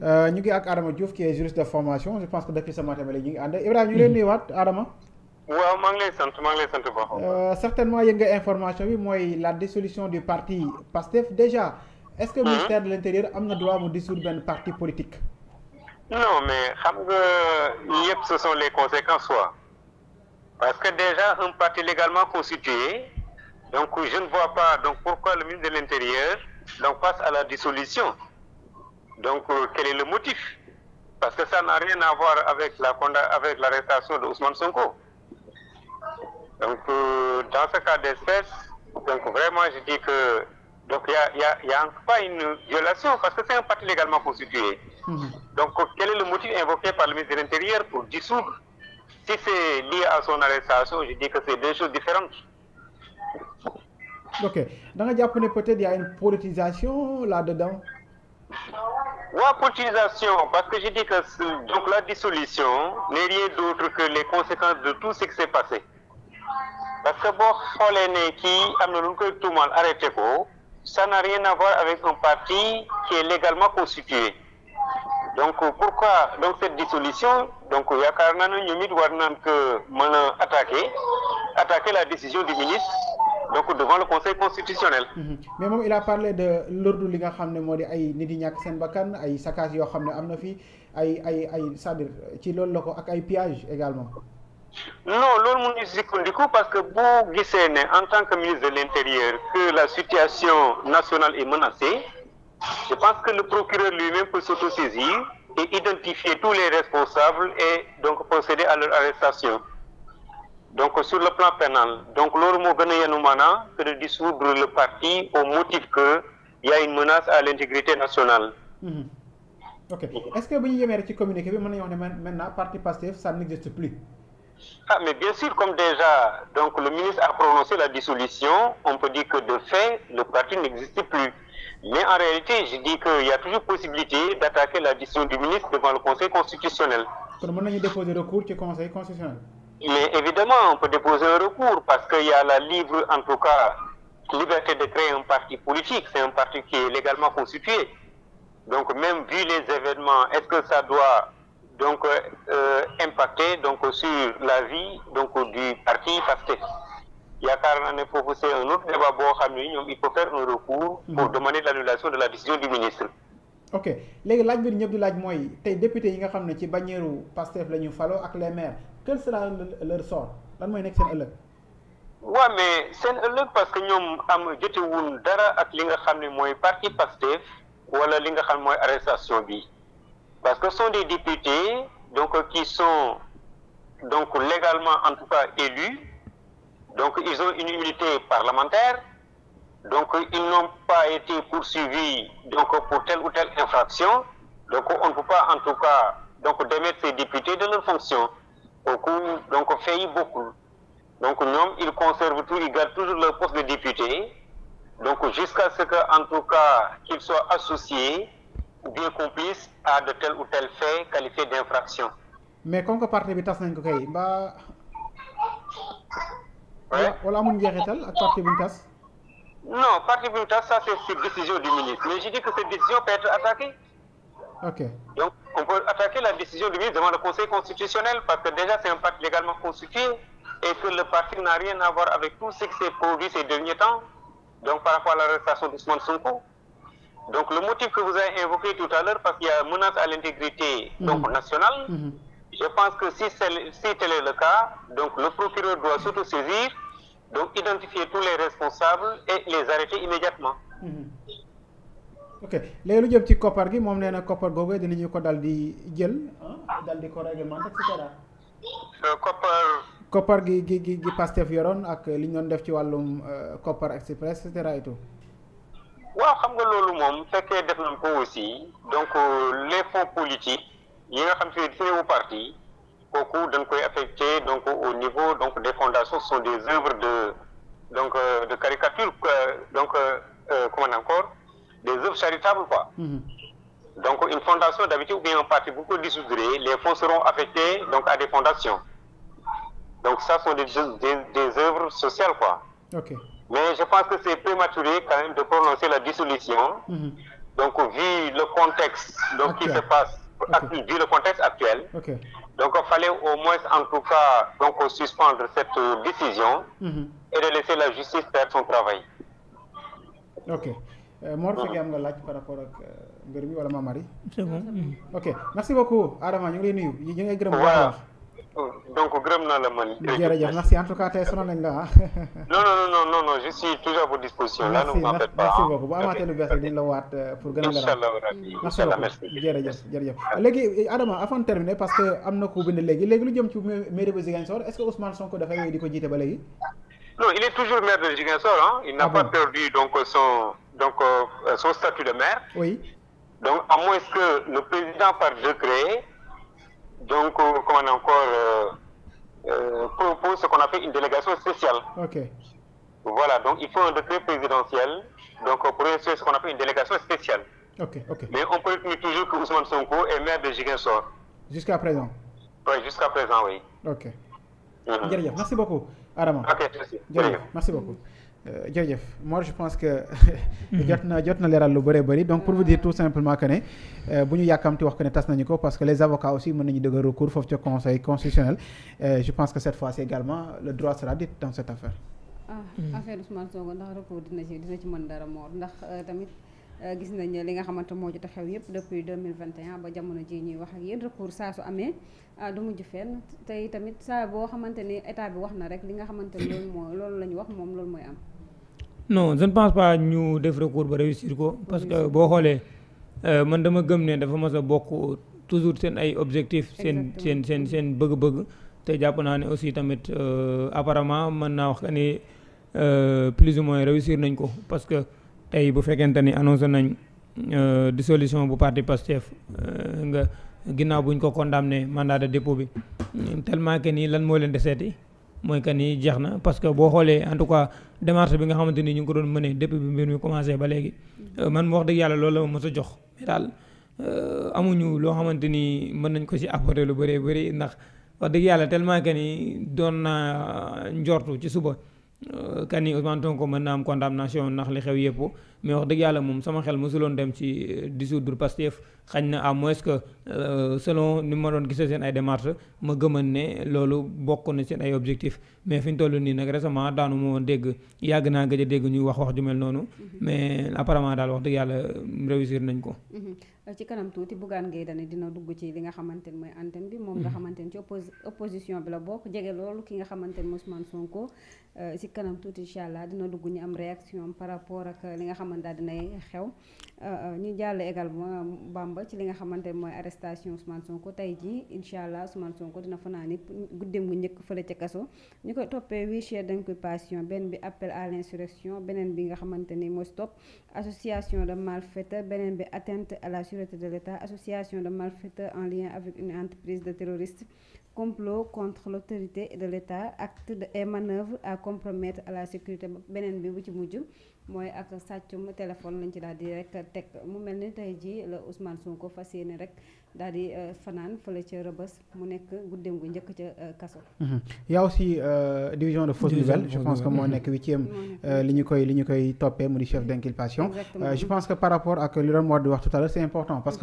Euh, ñu ngi ak Adama Diouf qui est juriste de formation je pense que depuis ce matin ba léegi ñu ngi ànd Ibrahima ñu ngi leen nuyuwaat Adama. waaw maa ngi lay sant maa sant bu baax. Euh, certainement yëg nga mooy la dissolution du parti PASTEF déjà. est-ce que ministère de l'intérieur am na droit mu dissoudre benn parti politique. non mais xam nga yëpp ce sont les conséquences quoi. parce que déjà un parti légalement constitué. donc je ne vois pas donc pourquoi le ministre de l'intérieur donc passe à la dissolution. Donc, euh, quel est le motif Parce que ça n'a rien à voir avec la avec l'arrestation de Ousmane Sonko. Donc, euh, dans ce cas d'espèce, donc vraiment, je dis que donc il a, y a, y a, pas une violation parce que c'est un parti légalement constitué. Mhm. quel est le motif invoqué par le ministre de l'Intérieur pour dissoudre Si c'est lié à son arrestation, je dis que c'est deux choses différentes. Ok. Dans le Japonais, y a une politisation là-dedans Voie politisation, parce que j'ai dit que donc la dissolution n'est rien d'autre que les conséquences de tout ce qui s'est passé. Parce que boo xoolee ne kii am na lu ñu koy tuumaal arrêté ko ça n'a rien à voir avec un parti qui est légalement constitué donc pourquoi donc cette dissolution donc yaakaar naa ne ñoom it war naan que mën a attaquer attaquer la décision du ministre donc devant le conseil constitutionnel. Mhm. mais moom il a parlé de lourd li nga xam ne moo di ay nit yi ñàkk seen bakkan ay saccage yoo xam ne am na fi ay ay ay cest ci lool la ko ak ay pillage également. non loolu mu ngi sukkandiku parce que boo gisee ne en tant que ministre de l'intérieur que la situation nationale est menacée je pense que le procureur lui-même peut s'autosaisir et identifier tous les responsables et donc procéder à leur arrestation. donc sur le plan pénal donc loolu moo gën a yenu maanaa que de dissoudre le parti au motif que il y a une menace à l'intégrité nationale. Mmh. ok est-ce que bu ñu yemee rek ci communiqué bi mën ah, mais bien sûr comme déjà donc le ministre a prononcé la dissolution on peut dire que de fait le parti n'existe plus mais en réalité je dis qu'il y a toujours possibilité d'attaquer la décision du ministre devant le conseil constitutionnel. kon mën nañu déposer recours ci Mais évidemment, on peut déposer un recours parce qu'il y a la libre, en tout cas, liberté de créer un parti politique. C'est un parti qui est légalement constitué. Donc, même vu les événements, est-ce que ça doit donc euh, euh impacter donc sur la vie donc du parti parce que yaakaar naa ne foofu c'est un autre débat boo xam ne ñoom il faut faire un recours pour demander l'annulation de la décision du ministre ok léegi laaj bi ñëpp di laaj mooy tey député yi nga xam ne ci bañeeru Pastef la ñu falo ak les maires quel sera leur sort lan mooy nekk seen ëllëg. waaw mais seen ëllëg parce que ñoom am jotewul dara ak li nga xam ne mooy parti Pastef wala li nga xam ne mooy arrestation bi parce que sont des députés donc qui sont donc légalement en tout cas élus donc ils ont une immunité parlementaire. Donc, ils n'ont pas été poursuivis pour telle ou telle infraction. Donc, on ne peut pas, en tout cas, donc, démettre ces députés de leurs fonctions. donc, failli beaucoup. Donc, non, ils conservent tout, ils gardent toujours leur poste de député. Donc, jusqu'à ce qu'en tout qu'ils soient associés ou bien complices à de tels ou tels faits qualifiés d'infraction. mais comme que parti bi tas nañ ko kay mbaa. wala amul ak parti bu Non, parti pour ça, ça c'est sur décision du ministre. Mais je dis que cette décision peut être attaquée. Ok. Donc, on peut attaquer la décision du ministre devant le Conseil constitutionnel parce que déjà c'est un parti légalement constitué et que le parti n'a rien à voir avec tout ce qui s'est produit ces derniers temps, donc par rapport à l'arrestation d'Ousmane Sonko. Donc le motif que vous avez évoqué tout à l'heure, parce qu'il y a menace à l'intégrité mhm. mhm. je pense que si tel si le cas, donc Donc identifier tous les responsables et les arrêter immédiatement. Mm-hmm. ok léegi lu jëm ci koppar gi moom nee na koppar googu dinañu ko dal di jël dal di ko réglementé et cetera. Euh, koppar. koppar gi gi gi gi Pastef yoroon ak li ñu doon def ci wàllum euh, koppar express et cetera et tout. waaw xam nga loolu moom fekkee def nañ ko aussi donc euh, les fonds politiques yi nga xam si ne parti. kooku dañ koy affecté donc au niveau donc des fondations ce sont des œuvres de donc euh, de caricature donc euh, euh comment encore des œuvres charitables quoi mhm. donc une fondation d'habitude ou bien un parti vous pouvez dissoudre les fonds seront affectés donc à des fondations donc ça sont des des, des œuvres sociales mais je pense que c'est prématuré quand même de prononcer la dissolution mhm. donc vu le contexte donc okay. qui se passe okay. le contexte actuel Donc il fallait au moins en tout cas donc, suspendre cette euh, décision mmh. et de laisser la justice faire son travail. Ok. Euh, Mor fekkee am nga laaj par rapport ak euh, mbir wala Mame Marie. c'est bon. ok merci beaucoup Adama ñu ngi lay nuyu ñu ngi lay donc gërëm naa la man. jërëjëf merci en tout cas tey sonal nañ la ah. non non non non non je suis toujours à votre disposition. là ne vous en faites pas merci beaucoup bu amaatee lu bees rek dinañ la waat euh, pour gën a. incha allah rabi incha allah merci beaucoup jërëjëf jërëjëf. léegi Adama avant de terminer parce que am na ku bind léegi léegi lu jëm ci mairie bu Ziguinchor est-ce que Ousmane Sonko dafay wéy di ko jiite ba léegi. non il est toujours maire de Ziguinchor ah. il n'a ah pas perdu donc son donc euh, son statut de maire. oui donc à moins que le président par décret donc euh, comment encore. faut ce qu'on appelle une délégation spéciale. OK. Voilà, donc il faut un décret présidentiel, donc pour instruire ce qu'on appelle une délégation spéciale. Okay, okay. Mais on peut dire toujours que Ousmane Sonko est maire de Ziguinchor. Jusqu'à présent. Oui, jusqu'à présent, oui. Ok. Mm -hmm. Merci beaucoup, Arama. Ok, merci. Merci beaucoup. Euh, jërëjëf moi je pense que mhm. jot na jot na leeral lu bare bari donc pour vous tout simplement que ne euh, bu ñu yàkkamti wax que ne tas nañu ko parce que les avocats aussi mën nañu dëgg recours foofu ca conseil constitutionnel euh, je pense que cette fois-ci également le droit sera dit dans cette affaire ah, mhm. affaire Ousmane Sonko ndax recours dina ci dina ci mën dara moor ndax tamit gis nañ li nga xamante moo ci xew yëpp depuis 2021 ba jamono ji ñuy wax ak yéen recours saa su amee ah, du mujj fenn tey tamit saa boo xamante ni état bi wax na rek li nga xamante ni loolu moo loolu la wax moom loolu mooy am non je ne pense pas ñu def recours ba réussir ko parce que boo xoolee euh, man dama gëm ne dafa mas a bokk toujours seen ay objectif seen seen seen seen bëgg-bëgg te jàpp naa ne aussi tamit euh, apparemment mën naa wax ni euh, plus ou moins réussir nañ ko parce que tey bu fekkente ni annoncé nañ dissolution bu parti Pastef nga ginnaaw buñ ko condamné mandat de dépôt bi tellement que nii lan moo leen deseeti mooy que nii jeex na parce que boo xoolee en tout cas démarche bi nga xamante ni ñu ngi doon mënee depuis bi mbir mi commencé ba léegi euh, man mu wax dëgg yàlla loolu la ma mës jox mais daal euh, amuñu loo xamante ni mën nañ ko si apporter lu bëree bëri ndax wax dëgg yàlla tellement que nii doon naa njortu ci suba. Euh, kan yi Ousmane Sonko mën naa am condamnation nax li xew yëpp mais wax dëgg yàlla moom sama xel mosuloon dem ci euh, dissoudre Pastef xañ na à moins que euh, selon ni ma doon gisee seen ay démarches ma gëman ne loolu bokk na seen ay objectif mais fi ñu toll nii nag récemment daanu moo dégg yàgg naa gëj a dégg ñuy wax wax ju mel noonu mm-hmm. mais apparemment daal wax dëgg yàlla réussir nañ ko mm-hmm. ci kanam tuuti Bougane Gueye Dany dina dugg ci li nga xamante ne mooy antenne bi moom nga mhm. xamante ne ci opposition bi la bokk jege loolu ki nga xamante ne Ousmane Sonko euh, ci kanam tuuti incha allah dina dugg ñu am réaction par rapport ak euh, li nga xamante daal dinay xew euh, ñu jàll également Bamba ci li nga xamante ne mooy arrestation Ousmane Sonko tey jii incha allah Ousmane Sonko dina fanaani guddeem gu njëkk fële ca kaso ñu koy toppee huit chefs d'inculpation benn bi appel à l'insurrection beneen bi nga xamante ni mooy stop association de malfaiteurs beneen bi atteinte à la sécurité de l'État, association de malfaiteurs en lien avec entreprise de terroristes, complot contre l'autorité de l'État acte et manœuvre à compromettre à la sécurité beneen bi bu ci mujj mooy ak sàccum téléphone lañ ci daal di rek teg mu mel ni tey jii la Ousmane Sonko fas yéene rek daal di euh, fanaan fële ca Rebeuss mu nekk guddeem gu njëkk ca euh, kaso. Mhm. y a aussi euh, division de fausses nouvelles je pense que moo nekk mhm. huitième li ñu koy li ñu koy toppee mu di chef mhm. d'inculpation. je pense que par rapport ak li doon war di wax tout c'est important parce que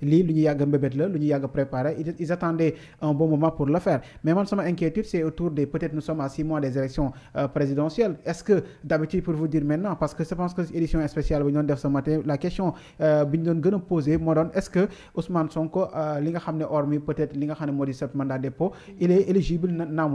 lii lu ñu yàgg mbébét la lu ñu yàgg a préparé ils attendaient un bon moment pour le faire mais man sama inquiétude c'est autour des peut-être nous sommes à six des élections euh, présidentielles est-ce que d'habitude pour vous dire maintenant parce que je pense que édition spéciale bi ñu doon def ce matin la question euh, bi ñu doon gën posé moo doon est-ce que Ousmane Sonko euh, li nga xam ne hormis peut-être li nga xam ne moo di mandat dépôt il est éligible naam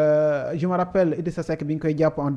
Euh, je me rappelle Idrissa Seck bi ñu koy jàpp en